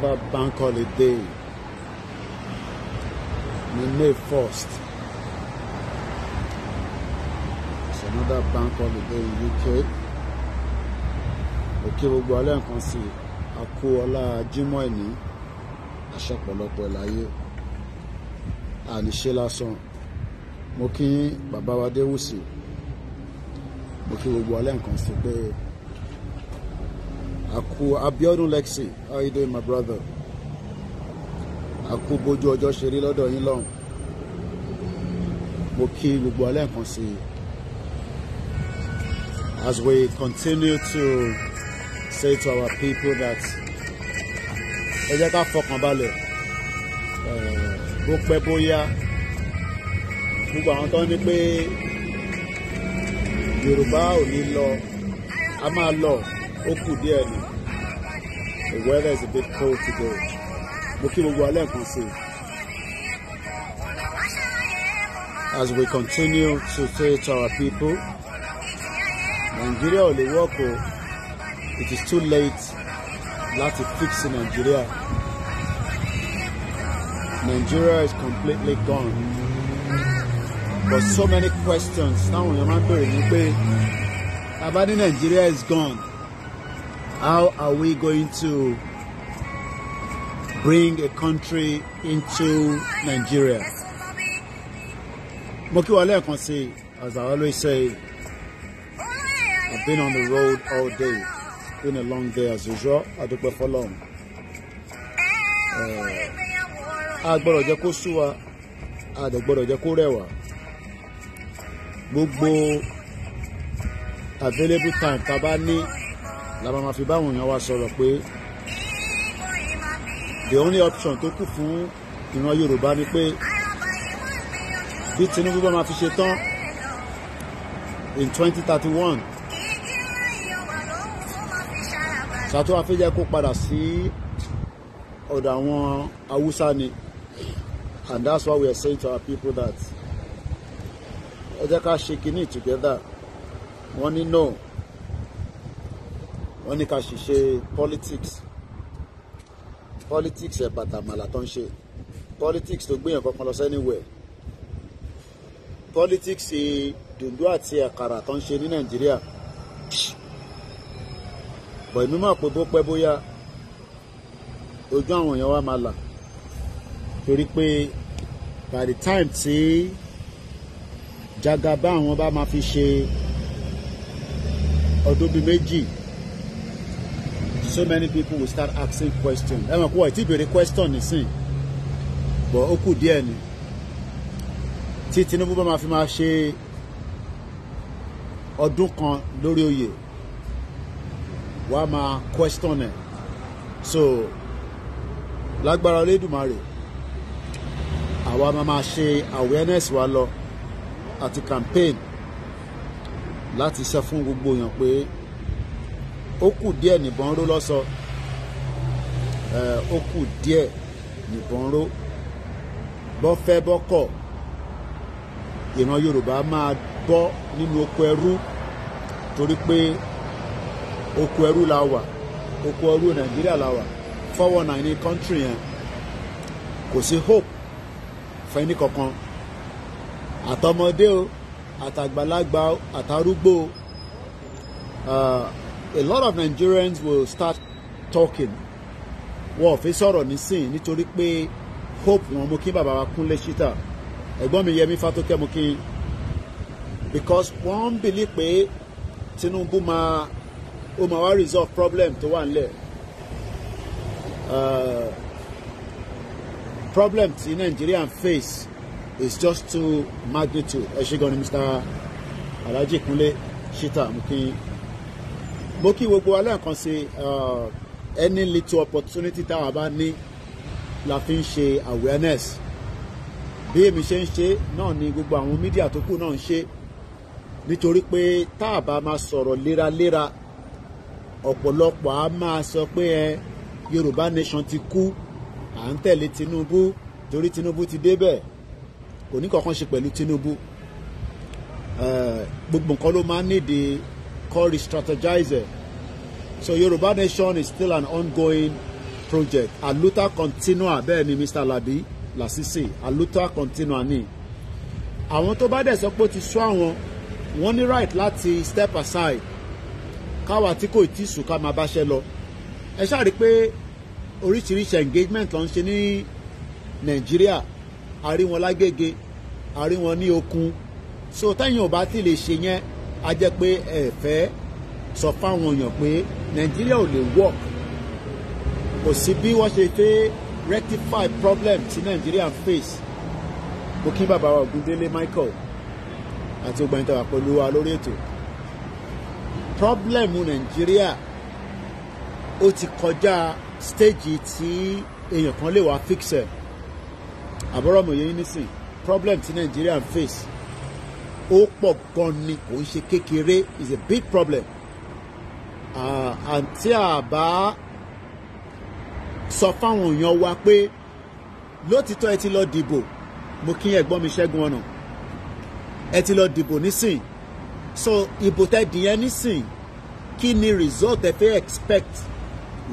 Another bank holiday ní May 1st. It's another bank holiday in UK. Okay, go ahead and alẹ́ a sí àkó ọlá A ẹ̀ní àṣẹ pọ̀lọpọ̀ láyé. Àníṣe lásán. Mo kí bàbá Baba Déwùsì. Mo Okay, gbogbo go ahead and pé. Aku Abiodun Lexi, how you doing my brother? Aku bójú ọjọ́ ṣe rí lọ́dọ̀ yín lọ́hùn. Mo kí gbogbo alẹ́ nǹkan sí i. As we continue to say to our people that ẹ jẹ́ ká fọkàn balẹ̀ eh, bó pẹ́ bóyá gbogbo àwọn tó ní pé Yorùbá ò ní lọ, a máa lọ. Oku kù díẹ̀ the weather is a bit cold today mo kí gbogbo alẹ́ kan sí i. as we continue to say to our people Nigeria ò lè work o it is too late láti fix Nigeria Nigeria is completely gone but so many questions táwọn èèyàn máa ń bèrè ni pé abadi Nigeria is gone How are we going to bring a country into Nigeria? Mokiwale Akonsi, as I always say, I've been on the road all day. It's been a long day as usual. I do for long. A gbọ́dọ̀ jẹ́ kó sú wa, a dẹ̀ kó rẹ̀ Gbogbo available time tá a bá ní la máa fi báwọn èèyàn wa sọ̀rọ̀ pé the only option tó kù fún ìran Yorùbá ni pé bí Tinubu bá máa fi ṣe tán in twenty thirty one ṣàtò àfẹ́jẹ́ kó padà sí ọ̀dọ̀ àwọn Haúsá ni and that's why we are saying to our people that ẹ jẹ́ ká ṣe kínní together wọ́n ní no wọ́n ní ká ṣiṣẹ́ politics politics ẹ̀ bàtà màlà tó ń ṣe politics tó gbéyàn kankan lọ sẹ́niwẹ̀ politics dùndú àti àkàrà tó ń ṣe ní nàìjíríà bọ̀ èmi máa pè bó pẹ́ bóyá ojú àwọn èèyàn wa máa là torí pé by the time tí jagaba àwọn bá máa fi ṣe ọdún bíi méjì so many people will start asking questions ẹ mọ̀ pé wọ́n ti béèrè question nísìn bọ̀ ó kù díẹ̀ ni tí Tinubu bá máa fi máa ṣe ọdún kan lórí oyè wàá máa question ẹ̀ so lágbára Olódùmarè àwa máa máa ṣe awareness wa lọ àti campaign láti sọ fún gbogbo èèyàn pé ó kù díẹ̀ nìbọn ró lọ́sọ ó kù díẹ̀ nìbọn ró bọ́ fẹ́ bọ́ kọ̀ ìran Yorùbá máa bọ́ nínú oko ẹrú torí pé oko ẹrú la wà oko ẹrú Nàìjíríà la wà fọwọ́ náà ní kọ́ńtírì yẹn kò sí hope fẹ́ni kankan àtọmọdé o àtàgbàlagbà àtàrúgbó a lot of Nigerians will start talking wọn ò fi sọ̀rọ̀ nísìn nítorí pé hope wọn mo kí bàbá wa Kúnlé Ṣítà ẹ̀gbọ́n mi Yẹmí Fátókẹ́ mo kí because wọ́n ń bìlí pé Tinubu máa ó máa wá resolve problem tó wà nílẹ̀ uh, problem tí Nigeria face is just too magnitude ẹ ṣé gan ni Mr. Alhaji Kúnlé Ṣítà mo mo kí gbogbo aláǹkan ṣe uh, any little opportunity táwa bá ní la fi ń ṣe awareness bí èmi ṣe ń ṣe náà ni gbogbo àwọn mídíà tó kù náà ń ṣe nítorí pé tá a bá máa sọ̀rọ̀ léraléra ọ̀pọ̀lọpọ̀ á máa sọ pé ẹ Yorùbá nation ti kú à ń tẹ̀lé Tinubu torí Tinubu ti débẹ̀ kò ní kankan ṣe pẹ̀lú Tinubu uh, gbogbo nǹkan ló máa ń nídìí Call called Strategizer. So Yoruba Nation is still an ongoing project. Aluta continua bẹ́ẹ̀ ni Mr. Labi Lasisi Aluta continua ni. Àwọn tó bá dẹ̀ sọ pé ó ti sọ àwọn wọ́n ní right láti step aside káwa tí kò tí sùn ká máa báṣẹ́ lọ. Ẹ ṣáà rí i pé oríṣiríṣi engagement ló ń ṣe ní Nàìjíríà a rí wọn lágége a rí wọn ní okun so tẹ́yìn ò bá ti lè ṣe yẹn á jẹ́ pé ẹ fẹ́ sọ fáwọn èèyàn pé nàìjíríà ò lè work kò sí bí wọ́n ṣe fẹ́ rectify problem tí nàìjíríà face mo kí bàbá wa ògúndélé michael àti ogbà ìtawà pẹ̀lú wa lórí ètò problem nàìjíríà ó ti kọjá stage tí èèyàn kan lè wá fix ẹ̀ àbúrò mòye nísìn problem tí nàìjíríà face ó pọ̀ gan ni kò ń ṣe kékeré is a big problem àǹtí ah, àbá sọ fáwọn èèyàn wa pé lótìtọ́ ẹ ti lọ dìbò mo kí ẹ̀gbọ́n mi Ṣẹ́gun ọ̀nà ẹ ti lọ dìbò nísìn so ìbò tẹ́ dìyẹn nísìn kí ni result ẹ fẹ́ expect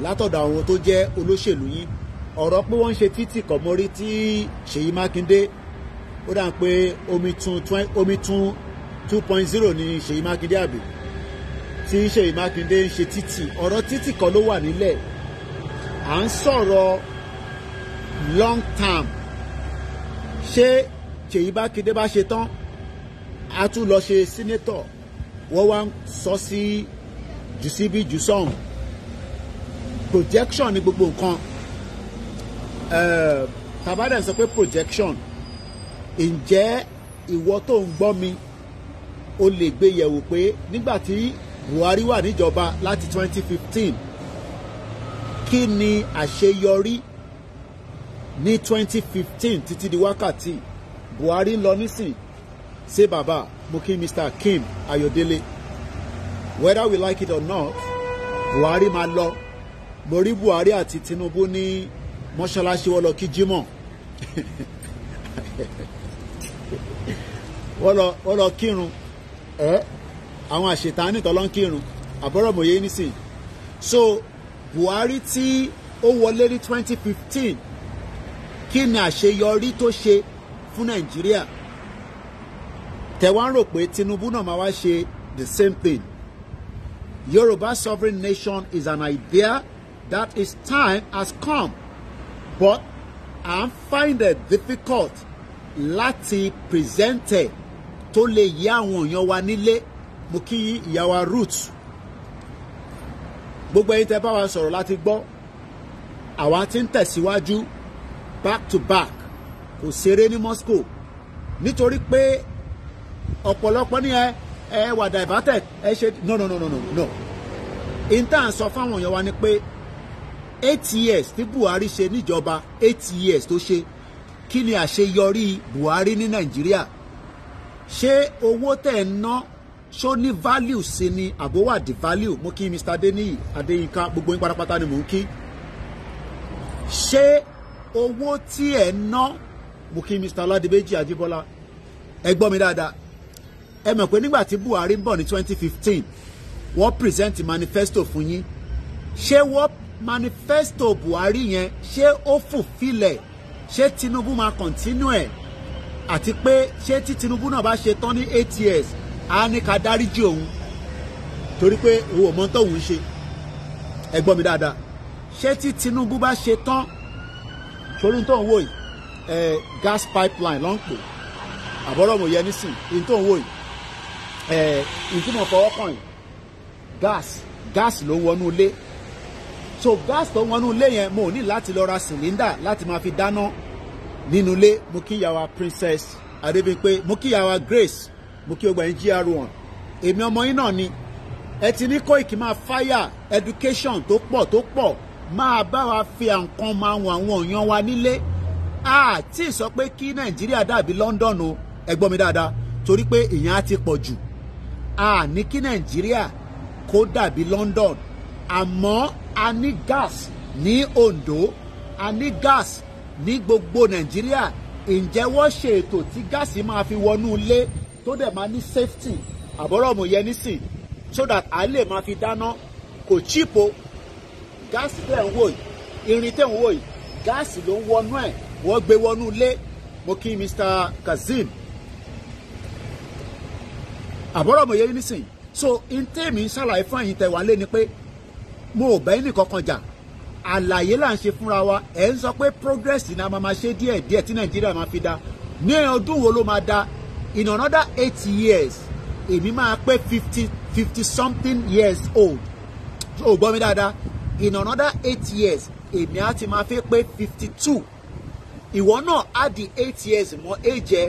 látọ̀dọ̀ àwọn tó jẹ́ olóṣèlú yín ọ̀rọ̀ pé wọ́n ń ṣe títì kọ̀mọ́rí tí Ṣèyí Mákindé ó dà pé omi tun omi tun two point zero ní Ṣèyí Mákindé àbí tí Ṣèyí Mákindé ń ṣe títì ọ̀rọ̀ títì kan ló wà nílẹ̀ à ń sọ̀rọ̀ long term ṣé Ṣèyí Mákindé bá ṣe tán a tún lọ ṣe sínétọ̀ wọ́n wá sọ sí jùsíbí jùsọ̀hún projection ni gbogbo nǹkan tá sọ pé projection ǹjẹ́ ìwọ tó ń gbọ́ mi o lè gbé yẹ̀wò pé nígbà tí Buhari wà níjọba láti 2015 kí ni àṣeyọrí ní 2015 títí di wákàtí Buhari ń lọ nísìn ṣé bàbá mo kí Mr. Kim Ayọ̀délé whether we like it or not Buhari máa lọ mo rí Buhari àti Tinubu ní mọ́ṣáláṣí wọ́n lọ kí Jímọ̀ wọ́n lọ wọ́n lọ kírun ẹ́ àwọn àṣetánì tọ́lọ́ ń kírun àbọ̀rọ̀mọ̀yé nísìn so Buhari tí ó wọlé ní twenty fifteen kí ni àṣeyọrí tó ṣe fún Nàìjíríà tẹ̀wá rò pé Tinubu náà máa wá ṣe the same thing Yoruba sovereign nation is an idea that its time has come but I find it difficult láti present it tó lè yí àwọn èèyàn wa nílé mo kí ìyá wa root gbogbo ẹ̀yin tẹ́ bá wa sọ̀rọ̀ láti gbọ́ àwa ti ń tẹ̀síwájú back to back kò ṣeré ní Moscow nítorí pé ọ̀pọ̀lọpọ̀ ní ẹ ẹ wà diverted ẹ ṣe no no no no no no intan sọ fáwọn èèyàn wa ni pé eight years tí Buhari ṣe níjọba eight years tó ṣe kí ni àṣeyọrí Buhari ní Nàìjíríà ṣé owó tẹ̀ ń ná ṣó ní value sí ni àbó di value mo kí Mr. Adeniyi Adeyinka gbogbo yín pátápátá ni mò ń kí ṣé owó tí ẹ ná mo kí Mr. Ọládìbẹ́jì Ajíbọ́lá ẹ gbọ́ mi dáadáa ẹ mọ̀ pé nígbà tí Buhari ń bọ̀ ní 2015 wọ́n present manifesto fún yín ṣé wọ́n manifesto Buhari yẹn ṣé ó fulfill ẹ̀ ṣé Tinubu máa continue ẹ̀ àti pé ṣé tí Tinubu náà bá ṣe tán ní eight years á ní ká dáríjì òun torí pé òun ò mọ tóun ń ṣe ẹ mi dáadáa ṣé tí Tinubu bá ṣe tán torí tóun wò yìí ẹ gas pipeline ló ń pè àbọ̀rọ̀ mo yẹ nísìn ní tóun wò yìí ẹ ìtumọ̀ fọwọ́ yìí gas gas ló ń wọnú ilé so gas tó ń wọnú ilé yẹn mo ní láti lọ ra sìlíndà láti máa fi dáná. No nínú ilé mo kí ìyàwó princess adébíyìnpé mo kí ìyàwó grace mo kí ọgbà yín gr1 èmi ọmọ yín náà ni ẹ ti ní Koiki máa fáyà education tó pọ̀ tó pọ̀ máa bá wa fi àǹkan máa wọn àwọn èèyàn wa nílé àti sọ pé kí nàìjíríà dàbí London o ẹ mi dáadáa torí pé ìyẹn á ti pọ̀ jù a ní kí nàìjíríà kó dàbí London àmọ́ a ní gas ní Ondo a ní gas ní gbogbo nàìjíríà ǹjẹ́ wọ́n ṣe ètò tí gáàsì máa fi wọnú ilé tó dẹ̀ máa ní safety àbọ̀rọ̀ mò yẹ nísìn so that à lè máa fi dáná kò chípo gáàsì tẹ̀ ń wò yìí irin tẹ̀ ń wò yìí gáàsì ló ń wọnú ẹ̀ wọ́n gbé wọnú ilé mo kí Mr. Kazeem àbọ̀rọ̀ mò yẹ nísìn so ntẹ́mi ṣàlàyé fún àyìntẹ̀wálé ni pé mo ò bẹ́ẹ̀ nìkan kan jà àlàyé là ń ṣe fúnra wa ẹ̀ ń sọ pé progress ní a máa ma ṣe díẹ̀ díẹ̀ tí nàìjíríà máa fi da ní ọdún wo ló máa da in another eight years èmi máa pé fifty fifty something years old o gbọ́ mi dáadáa in another eight years èmi á ti máa fi pé fifty two ìwọ náà á di eight years mọ́ èjẹ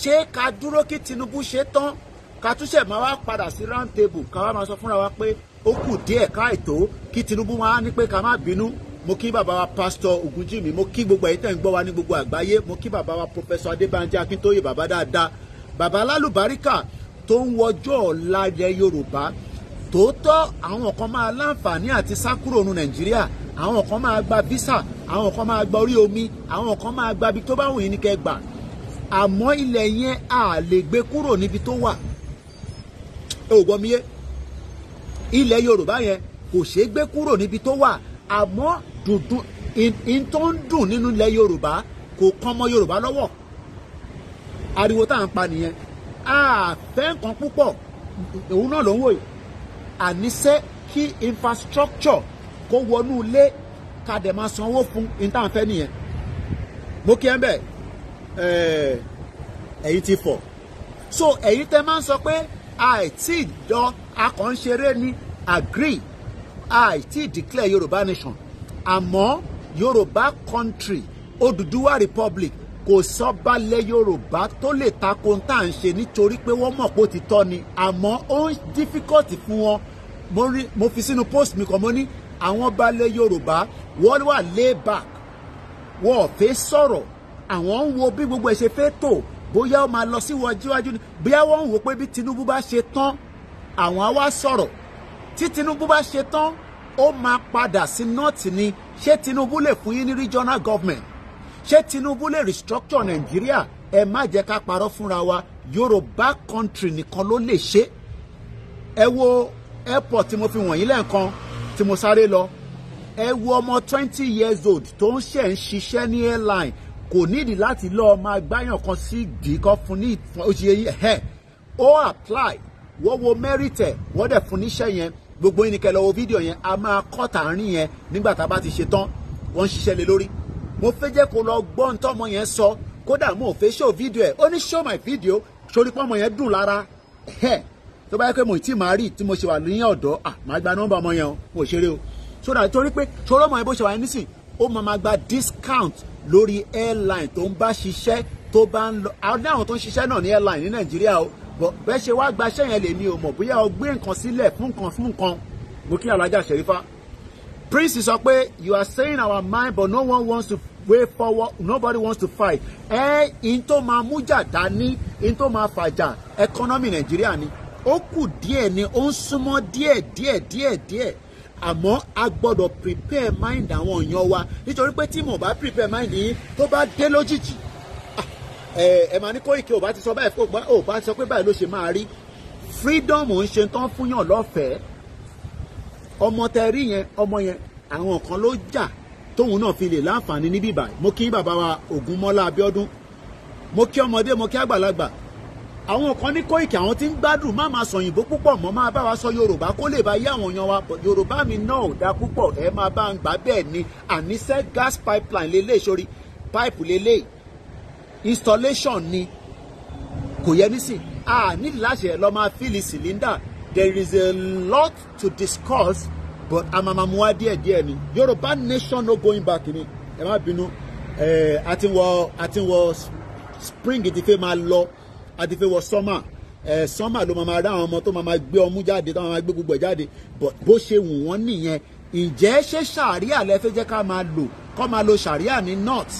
ṣé ká dúró kí Tinubu ṣe tán ká túnṣe máa wá padà sí round table ká wá máa sọ fúnra wa pé ó kù díẹ̀ káàtó kí Tinubu wá ní pé ká má bínú mo kí bàbá wa pásítọ̀ Ògúnjìmí mo kí gbogbo ẹ̀yin tẹ́ ń gbọ́ wa ní gbogbo àgbáyé mo kí bàbá wa pòfẹ́sọ̀ Adébánjí Akíntóyè bàbá dáadáa bàbá alálùbáríkà tó ń wọjọ́ ọ̀la ilẹ̀ Yorùbá tòótọ́ àwọn kan máa láǹfààní àti sákúrò Nàìjíríà àwọn kan máa gba visa àwọn kan máa gba orí omi àwọn kan máa gba ibi tó bá wù yín ní kẹ́ àmọ́ ilẹ̀ yẹn a lè gbé kúrò níbi tó wà ẹ ò gbọ́ mi yé ilẹ̀ yorùbá yẹn kò ṣeé gbé kúrò níbi tó wà àmọ́ dùndùn in tó ń dùn nínú ilẹ̀ yorùbá kò kan ọmọ yorùbá lọ́wọ́ ariwo tá à ń pa nìyẹn àfẹ́ nǹkan púpọ̀ òun náà ló ń wò yìí àníṣe kí infrastructure kó wọnú ilé ká dẹ̀ máa sanwó fún in tá à ń fẹ́ nìyẹn mo kí ẹ bẹ́ẹ̀ ẹ̀yin ti fọ̀ so ẹ̀yin tẹ́ máa ń sọ pé àìtí ìjọ akànṣeré ní agree àìtí declare yorùbá nation àmọ́ yorùbá country Odùduwà republic kò sọ́balẹ̀ yorùbá tó lè ta ko tá à ń ṣe nítorí pé wọ́n mọ̀ pé ó ti tọ́ ni àmọ́ ó ń difficult fún wọn mo, mo fi sínú post mi kan mo ní àwọn balẹ̀ yorùbá wọ́n wà lay back wọ́n ò fẹ́ sọ̀rọ̀ àwọn ń wo bí gbogbo ẹ̀ ṣe fẹ́ tò bóyá ó máa lọ síwájú ni bóyá wọ́n ń wò pé bí Tinubu bá ṣe tán àwọn á wá sọ̀rọ̀ tí Tinubu bá ṣe tán ó máa padà sí nọ́ọ̀tì ni ṣé Tinubu lè fún yín ní regional government ṣé Tinubu lè restructure Nàìjíríà ẹ má jẹ́ ká parọ́ fúnra wa Yorùbá country nìkan ló lè ṣe ẹ wo airport tí mo fi wọ̀nyí lẹ́ẹ̀kan tí mo sáré lọ ẹ wo ọmọ twenty years old tó ń ṣe ń ṣiṣẹ́ ní airline kò nídìí láti lọ máa gbáyàn kan sí ìdí kan fún ní oṣìṣẹ́ yìí ẹ̀ ó apply wọ́n wo merit ẹ̀ wọ́n dẹ̀ fún níṣẹ́ yẹn gbogbo yín ni kẹ́ lọ wo fídíò yẹn a máa kọ́ tàárín yẹn nígbà tá a bá ti ṣe tán wọ́n ń ṣiṣẹ́ lé lórí mo fẹ́ jẹ́ kó lọ gbọ́ ohun tọ́mọ yẹn sọ kódà mo ò fẹ́ show fídíò ẹ̀ ó ní show my video sórí pọ́mọ yẹn dùn lára ẹ̀ tó bá yẹ pé mo ì tí màá rí tí mo ṣe wà ní ọ̀dọ́ à máa gba nọ́mbà ọmọ yẹn o mo ṣeré o sódà torí pé sọ́rọ́ ọmọ yẹn bó ṣe wà nísìn ó máa máa gba discount lórí airline tó ń bá ṣiṣẹ́ tó bá ń lọ àwọn náà tó ń ṣiṣẹ́ náà ní airline ní nàìjíríà o bẹ́ẹ̀ ṣe wá gbaṣẹ́ yẹn lèmi ò mọ̀ bóyá o gbé nǹkan sílẹ̀ fún nǹkan fún nǹkan mo kí alájà ṣèrífà prince sọ pé you are saying our mind but no one wants to way forward nobody wants to fight ẹ in tó máa mújà dání in tó máa fàjà economy nàìjíríà ni ó kù díẹ̀ ni ó ń súnmọ́ díẹ̀ díẹ̀ díẹ̀ díẹ̀ àmọ́ a gbọ́dọ̀ prepare mind àwọn èèyàn wa nítorí pé tí mo bá prepare mind yín tó bá dé lójijì ah, ẹ máa ní Kóìkì ò bá ti sọ báyìí kó ò bá sọ pé báyìí ló ṣe máa rí freedom ń ṣe tán fún yàn lọ́fẹ̀ẹ́ ọmọ tẹ rí yẹn ọmọ yẹn àwọn kan ló jà tóun náà fi lè láǹfààní níbí báyìí mo kí bàbá wa Ògúnmọ́lá Abíọ́dún mo kí ọmọdé mo kí àgbàlagbà àwọn kan ní Kóìkì àwọn tí ń gbádùn má máa sọ̀yìnbó púpọ̀ mọ́ máa bá wa sọ Yorùbá kó lè bá yé àwọn èèyàn wa Yorùbá mi náà ò dáa púpọ̀ ẹ máa bá ń gbà bẹ́ẹ̀ ni àníṣe gas pipeline lélẹ̀ sórí pipe lélẹ̀ installation ni kò yẹ nísìn a ní láṣẹ lọ máa fíìlì cylinder there is a lot to discuss but amamamuwa díẹ̀ díẹ̀ ni Yorùbá nation no going back ni ẹ má bínú ẹ àtiwọ àtiwọ spring ti fẹ́ máa lọ àti fẹ́ wọ sọ́mà ẹ̀ sọ́mà ló máa rá àwọn ọmọ tó máa gbé ọmú jáde tó máa gbé gbogbo ẹ̀ jáde bó ṣe wù wọ́n nìyẹn ǹjẹ́ ṣé ṣàríà lẹ fẹ́ jẹ́ ká máa lò kọ́ máa lo ṣàríà ní north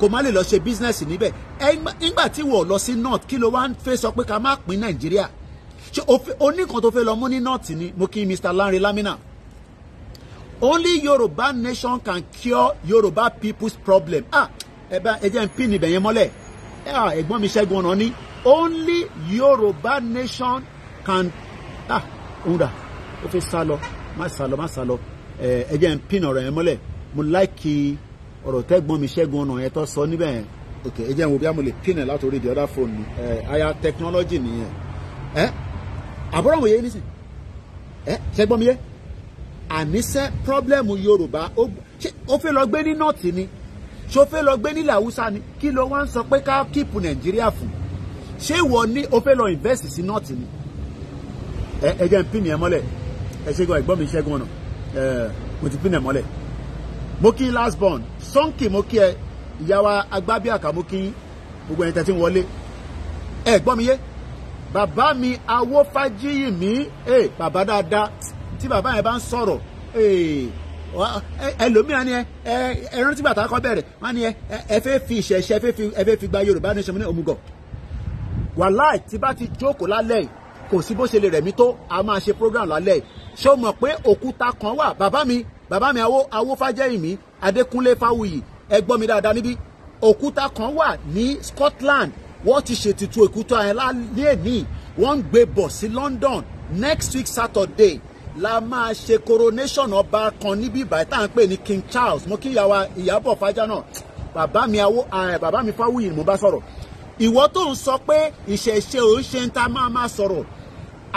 kó má lè lọ ṣe bísínẹ́sì níbẹ̀ nígbà tí wọ́n lọ sí north kí ló wá ń fẹ́ sọ pé ká má pín nàìjíríà ṣé oníkan tó fẹ́ lọ mú ní north ni mo kí Mr. Lanre Lamina only Yoruba nation can cure Yoruba people's problem ah ẹ bá ẹ jẹ́ n pín níbẹ̀ yẹn mọ́lẹ̀ ah, ẹ̀gbọ́n mi ṣẹ́gun ọ̀nà ni only Yorùbá nation can ah òun dà ó fi sá lọ má sá lọ má sá lọ ẹ jẹ́ n pin ọ̀rọ̀ yẹn mọ́lẹ̀ mo láìkì ọ̀rọ̀ tẹ́gbọ́n mi ṣẹ́gun ọ̀nà yẹn tó sọ níbẹ̀ yẹn. ok ẹ jẹ́ n wo bí a mo lè pin ẹ̀ látòrí the other phone ni eh, aya technology nìyẹn ẹ àbúrò àwọn yẹn nísìn ẹ ṣẹ́gbọ́n mi yẹ àníṣẹ́ problem Yorùbá ó fẹ́ lọ gbé ní north ni ṣó fẹ́ lọ gbé nílẹ̀ Haúsá ni kí ló wá ń sọ pé ká kíìpù Nàìjíríà fún ṣé ìwọ ní o fẹ́ lọ invest sí nọ́ọ̀tì ni ẹ jẹ́ n pin yẹn mọ́lẹ̀ ẹ ṣe ẹ̀gbọ́n mi ṣẹ́gun ọ̀nà mo ti pin yẹn mọ́lẹ̀ mo kí last born sọ́ǹkì mo kí ẹ ìyàwó agbábíàkà mo kí gbogbo ẹ̀yìn tẹ̀tí wọlé ẹ gbọ́ mi yé bàbá mi awófájíyì mi ẹ bàbá dáadáa tí bàbá yẹn bá ń sọ̀rọ̀ ẹ ẹlòmíràn ni ẹ ẹ rántí bàtà kọ bẹ̀rẹ̀ wọn ni ẹ ẹ fẹ́ fi ìṣẹ̀ṣẹ̀ ẹ fẹ́ fi gba Yorùbá nation ní òmùgọ̀ wàláì tí bá ti jókòó lálẹ́ yìí kò sí bó ṣe lè rẹ̀ mí tó a máa ṣe program lálẹ́ yìí ṣé o mọ̀ pé òkúta kan wà bàbá mi bàbá mi àwo àwo fàjẹ́yìnmí adékúnlé fáwùyì ẹ gbọ́ mi dáadáa níbí òkúta kan wà ní Scotland wọ́n ti ṣètìtù òkúta yẹn lálẹ́ ní wọ́n ń gbé bọ̀ sí London next week Saturday la máa ṣe coronation ọba kan níbí ìbàdàn tá à ń pè ní King Charles mo kí ìyàwó Ìyábọ̀ Fájánà bàbá mi àwo bàbá mi fáwùyì mo bá sọ̀rọ̀ ìwọ tó ń sọ pé ìṣẹ̀ṣe ò ń ṣe ń ta máa máa sọ̀rọ̀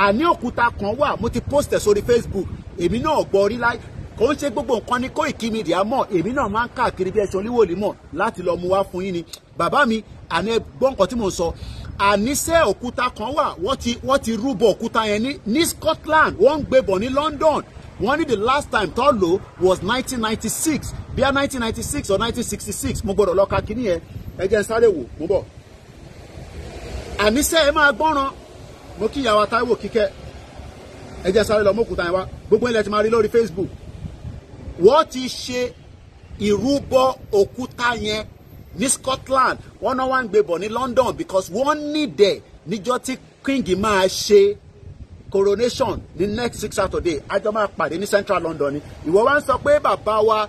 àní òkúta kan wà mo ti post ẹ̀ sórí Facebook èmi náà gbọ́ rí láì kò ń ṣe gbogbo nǹkan ni Koiki Media mọ̀ èmi náà máa ń káàkiri bí ẹṣin olúwòlì mọ̀ láti lọ mu wá fún yín ni bàbá mi àní ẹ gbọ́ nǹkan tí mò ń sọ àníṣe òkúta kan wà wọ́n ti wọ́n ti rúbọ òkúta yẹn ní ní Scotland wọ́n ń gbébọ̀ ní London wọ́n ní the last time tó lò was 1996 bíi 1996 or 1966 mo gbọ́dọ̀ lọ́ka kínní yẹn ẹ jẹ́ sáré wò mo bọ̀ àníṣe ẹ máa gbọ́ràn mo kí ìyàwó Táíwò Kíkẹ́ ẹ jẹ́ sáré lọ mọ́kúta yẹn wá gbogbo ilẹ̀ ti máa rí lórí Facebook wọ́n ti ṣe ìrúbọ òkúta yẹn ní Scotland wọ́n náà wá ń gbé bọ̀ ní London because wọ́n nídẹ̀ níjọ́ tí king máa ṣe coronation ní next six Saturday àjọ máa pàdé ní Central London ni ìwọ wá ń sọ pé bàbá wa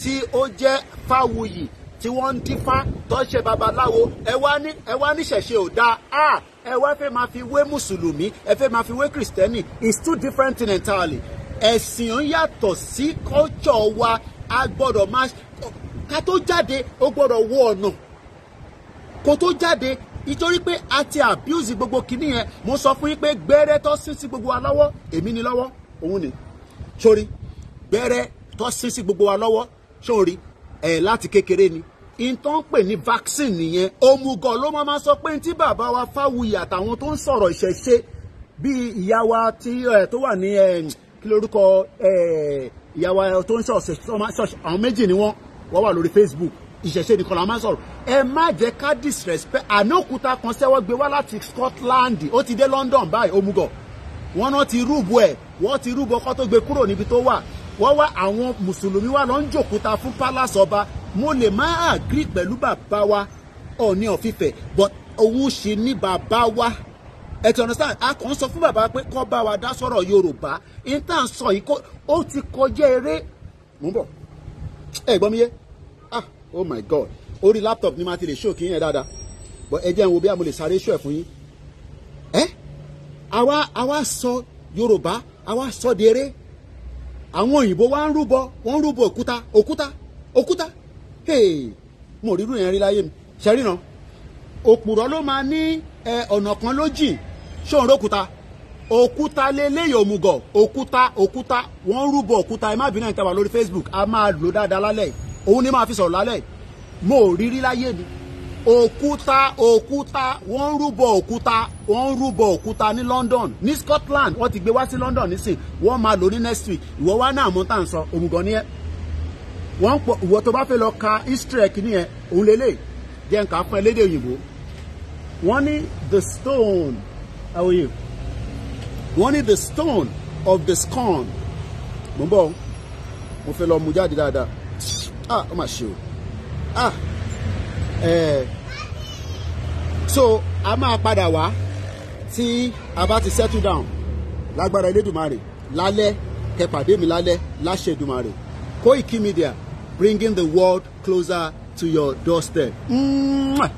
tí ó jẹ́ Fáwuyì tí wọ́n ń dífá tó ń ṣe babaláwo ẹ wá ní ẹ ò dáa ah ẹ wá fẹ́ máa fi wé mùsùlùmí ẹ fẹ́ máa fi wé kìrìsìtẹ́nì it's two different things entirely ẹ̀sìn ń yàtọ̀ sí culture wa a gbọ́dọ̀ máa ká tó jáde ó gbọ́dọ̀ wọ ọ̀nà kó tó jáde nítorí pé a ti abuse gbogbo kinní yẹn mo sọ fún yín pé gbẹ́rẹ́ tó sín sí gbogbo wa lọ́wọ́ èmi ni lọ́wọ́ òun ni sórí gbẹ́rẹ́ tó sín sí gbogbo wa lọ́wọ́ sórí ẹ̀ láti kékeré ni in tó pè ní vaccine nìyẹn òmùgọ̀ ló máa ma sọ pé tí bàbá wa Fáwuyì àtàwọn tó ń sọ̀rọ̀ ìṣẹ̀ṣe bíi ìyá wa tí tó wà ní kí lórúkọ ìyá wa tó ń ṣọ̀ṣẹ̀ àwọn méjì ni wọ́n wọ́n wà lórí Facebook ìṣẹ̀ṣe nìkan la máa ń sọ̀rọ̀ ẹ má jẹ́ ká disrespect àná òkúta kan sẹ́wọ́ gbé wá láti Scotland ó ti dé London báyìí òmùgọ̀ wọ́n náà ti rúbọ ẹ̀ wọ́n ti rúbọ kó tó gbé kúrò níbi tó wà wọ́n wá àwọn mùsùlùmí wà ló ń jòkúta fún palace mo lè má agree pẹ̀lú bàbá wa ọ̀ní ọ̀fífẹ́ but òun ṣì ní bàbá wa ẹ ti understand a kàn ń sọ fún bàbá pé kọ́ bá wa dá sọ̀rọ̀ Yorùbá intan sọ yìí kó ó ti kọjá eré mú bọ̀ ẹ gbọ́ mi yé ah oh my god orí laptop ni ma ti lè show kí yẹn dáadáa but ẹ jẹ́ n wo bí a mo lè sáré show ẹ̀ fún yín ẹ́ àwa àwa sọ Yorùbá àwa sọ dèrè àwọn òyìnbó wa ń rúbọ wọ́n ń rúbọ òkúta òkúta òkúta mo rírú yẹn rí láyé mi ṣe ríran òpùrọ̀ ló máa ní ọ̀nà kan ló jìn ṣóun rókúta òkúta lélẹ́yìn òmùgọ̀ òkúta òkúta wọ́n rúbọ òkúta ẹ má bínú ẹ̀ tàbá lórí Facebook a máa lò dáadáa lálẹ́ òun ni máa fi sọ̀rọ̀ lálẹ́ mo rírí láyé mi òkúta òkúta wọ́n ń rúbọ òkúta wọ́n ń rúbọ òkúta ní London ní Scotland wọ́n ti gbé wá sí London nísìn wọ́n máa lò ní next week ìwọ wá náà mú tá ń sọ òmùgọ̀ ni ẹ́ wọ́n pọ̀ ìwọ tó bá fẹ́ lọ ka history kìíní yẹn òun lélẹ̀ jẹ́ nǹkan fún ẹlẹ́dẹ̀ òyìnbó wọ́n ní the stone àwòye wọ́n ní the stone of the scorn mo ń bọ̀ mo fẹ́ lọ mú jáde dáadáa ah ó mà ṣe o ah eh, so a máa padà wá tí a bá ti settle down lágbára Elédùmarè lálẹ́ kẹpàdé mi lálẹ́ láṣẹ Èdùmarè Koiki Media bringing the world closer to your doorstep. Mwah.